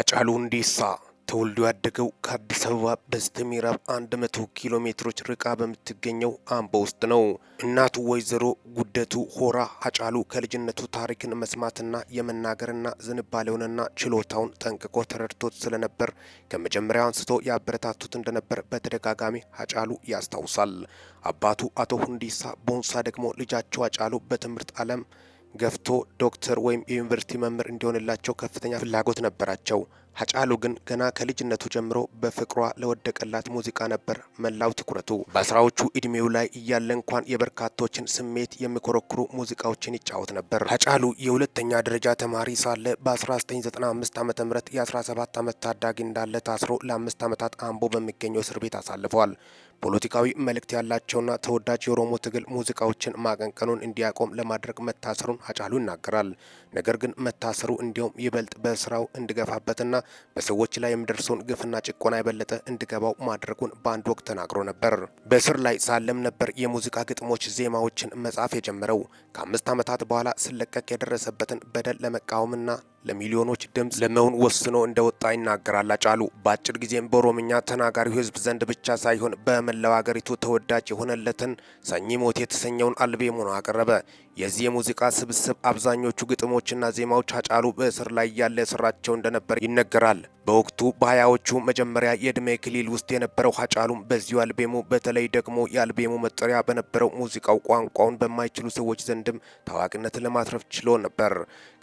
አጫሉ ሁንዴሳ ተወልዶ ያደገው ከአዲስ አበባ በስተ ምዕራብ 100 ኪሎ ሜትሮች ርቃ በምትገኘው አምቦ ውስጥ ነው። እናቱ ወይዘሮ ጉደቱ ሆራ አጫሉ ከልጅነቱ ታሪክን መስማትና የመናገርና ዝንባሌውንና ችሎታውን ጠንቅቆ ተረድቶት ስለነበር ከመጀመሪያው አንስቶ ያበረታቱት እንደነበር በተደጋጋሚ አጫሉ ያስታውሳል። አባቱ አቶ ሁንዴሳ ቦንሳ ደግሞ ልጃቸው አጫሉ በትምህርት ዓለም ገፍቶ ዶክተር ወይም የዩኒቨርሲቲ መምህር እንዲሆንላቸው ከፍተኛ ፍላጎት ነበራቸው። ሀጫሉ ግን ገና ከልጅነቱ ጀምሮ በፍቅሯ ለወደቀላት ሙዚቃ ነበር መላው ትኩረቱ። በአስራዎቹ እድሜው ላይ እያለ እንኳን የበርካቶችን ስሜት የሚኮረኩሩ ሙዚቃዎችን ይጫወት ነበር። ሀጫሉ የሁለተኛ ደረጃ ተማሪ ሳለ በ1995 ዓ ም የ17 ዓመት ታዳጊ እንዳለ ታስሮ ለአምስት ዓመታት አምቦ በሚገኘው እስር ቤት አሳልፈዋል። ፖለቲካዊ መልእክት ያላቸውና ተወዳጅ የኦሮሞ ትግል ሙዚቃዎችን ማቀንቀኑን እንዲያቆም ለማድረግ መታሰሩን ሀጫሉ ይናገራል። ነገር ግን መታሰሩ እንዲያውም ይበልጥ በስራው እንዲገፋበትና በሰዎች ላይ የሚደርሰውን ግፍና ጭቆና የበለጠ እንድገባው ማድረጉን በአንድ ወቅት ተናግሮ ነበር። በእስር ላይ ሳለም ነበር የሙዚቃ ግጥሞች፣ ዜማዎችን መጻፍ የጀመረው። ከአምስት ዓመታት በኋላ ስለቀቅ የደረሰበትን በደል ለመቃወምና ለሚሊዮኖች ድምፅ ለመሆን ወስኖ እንደወጣ ይናገራል አጫሉ። በአጭር ጊዜም በኦሮምኛ ተናጋሪው ህዝብ ዘንድ ብቻ ሳይሆን በመላው አገሪቱ ተወዳጅ የሆነለትን ሰኚ ሞት የተሰኘውን አልቤሙን አቀረበ። የዚህ የሙዚቃ ስብስብ አብዛኞቹ ግጥሞችና ዜማዎች አጫሉ በእስር ላይ እያለ ስራቸው እንደነበር ይነገራል። ይናገራል። በወቅቱ በሀያዎቹ መጀመሪያ የእድሜ ክልል ውስጥ የነበረው ሀጫሉም በዚሁ አልቤሙ በተለይ ደግሞ የአልቤሙ መጠሪያ በነበረው ሙዚቃው ቋንቋውን በማይችሉ ሰዎች ዘንድም ታዋቂነትን ለማትረፍ ችሎ ነበር።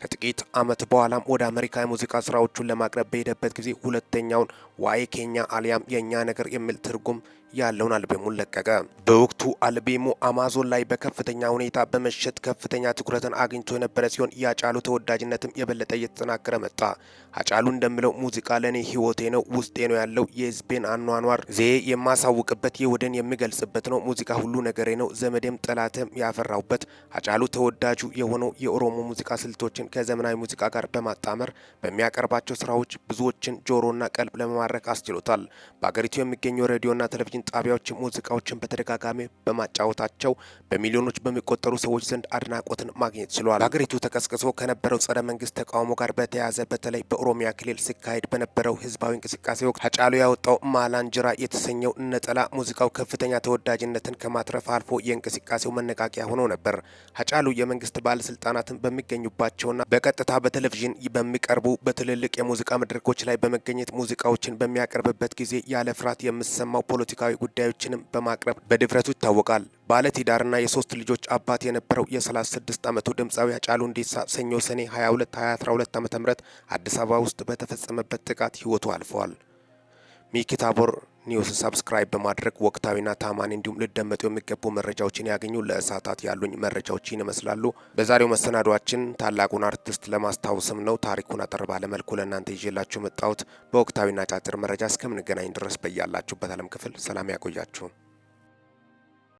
ከጥቂት ዓመት በኋላም ወደ አሜሪካ የሙዚቃ ስራዎቹን ለማቅረብ በሄደበት ጊዜ ሁለተኛውን ዋይ ኬኛ አሊያም የእኛ ነገር የሚል ትርጉም ያለውን አልቤሙን ለቀቀ። በወቅቱ አልቤሙ አማዞን ላይ በከፍተኛ ሁኔታ በመሸጥ ከፍተኛ ትኩረትን አግኝቶ የነበረ ሲሆን የአጫሉ ተወዳጅነትም የበለጠ እየተጠናከረ መጣ። አጫሉ እንደሚለው ሙዚቃ ፖለቲካ ለእኔ ህይወቴ ነው፣ ውስጤ ነው ያለው የህዝቤን አኗኗር ዜ የማሳውቅበት የወደን የምገልጽበት ነው። ሙዚቃ ሁሉ ነገሬ ነው። ዘመዴም ጠላትም ያፈራውበት። አጫሉ ተወዳጁ የሆነው የኦሮሞ ሙዚቃ ስልቶችን ከዘመናዊ ሙዚቃ ጋር በማጣመር በሚያቀርባቸው ስራዎች ብዙዎችን ጆሮና ቀልብ ለመማረክ አስችሎታል። በአገሪቱ የሚገኙ ሬዲዮና ቴሌቪዥን ጣቢያዎች ሙዚቃዎችን በተደጋጋሚ በማጫወታቸው በሚሊዮኖች በሚቆጠሩ ሰዎች ዘንድ አድናቆትን ማግኘት ችሏል። በአገሪቱ ተቀስቅሶ ከነበረው ጸረ መንግስት ተቃውሞ ጋር በተያያዘ በተለይ በኦሮሚያ ክልል ሲካሄድ በነ በነበረው ህዝባዊ እንቅስቃሴ ወቅት ሀጫሉ ያወጣው ማላንጅራ የተሰኘው ነጠላ ሙዚቃው ከፍተኛ ተወዳጅነትን ከማትረፍ አልፎ የእንቅስቃሴው መነቃቂያ ሆኖ ነበር። ሀጫሉ የመንግስት ባለስልጣናትን በሚገኙባቸውና በቀጥታ በቴሌቪዥን በሚቀርቡ በትልልቅ የሙዚቃ መድረኮች ላይ በመገኘት ሙዚቃዎችን በሚያቀርብበት ጊዜ ያለ ፍርሃት የምሰማው ፖለቲካዊ ጉዳዮችንም በማቅረብ በድፍረቱ ይታወቃል። ባለትዳርና የሶስት ልጆች አባት የነበረው የ36 ዓመቱ ድምፃዊ ሃጫሉ ሁንዴሳ ሰኞ ሰኔ 22 2012 ዓ ም አዲስ አበባ ውስጥ በተፈጸመበት ጥቃት ህይወቱ አልፈዋል። ሚኪ ታቦር ኒውስ ሰብስክራይብ በማድረግ ወቅታዊና ታማኒ እንዲሁም ልደመጡ የሚገቡ መረጃዎችን ያገኙ። ለእሳታት ያሉኝ መረጃዎችን ይመስላሉ። በዛሬው መሰናዷችን ታላቁን አርቲስት ለማስታወስም ነው። ታሪኩን አጠር ባለ መልኩ ለእናንተ ይዤላችሁ መጣሁት። በወቅታዊና አጫጭር መረጃ እስከምንገናኝ ድረስ በያላችሁበት ዓለም ክፍል ሰላም ያቆያችሁ።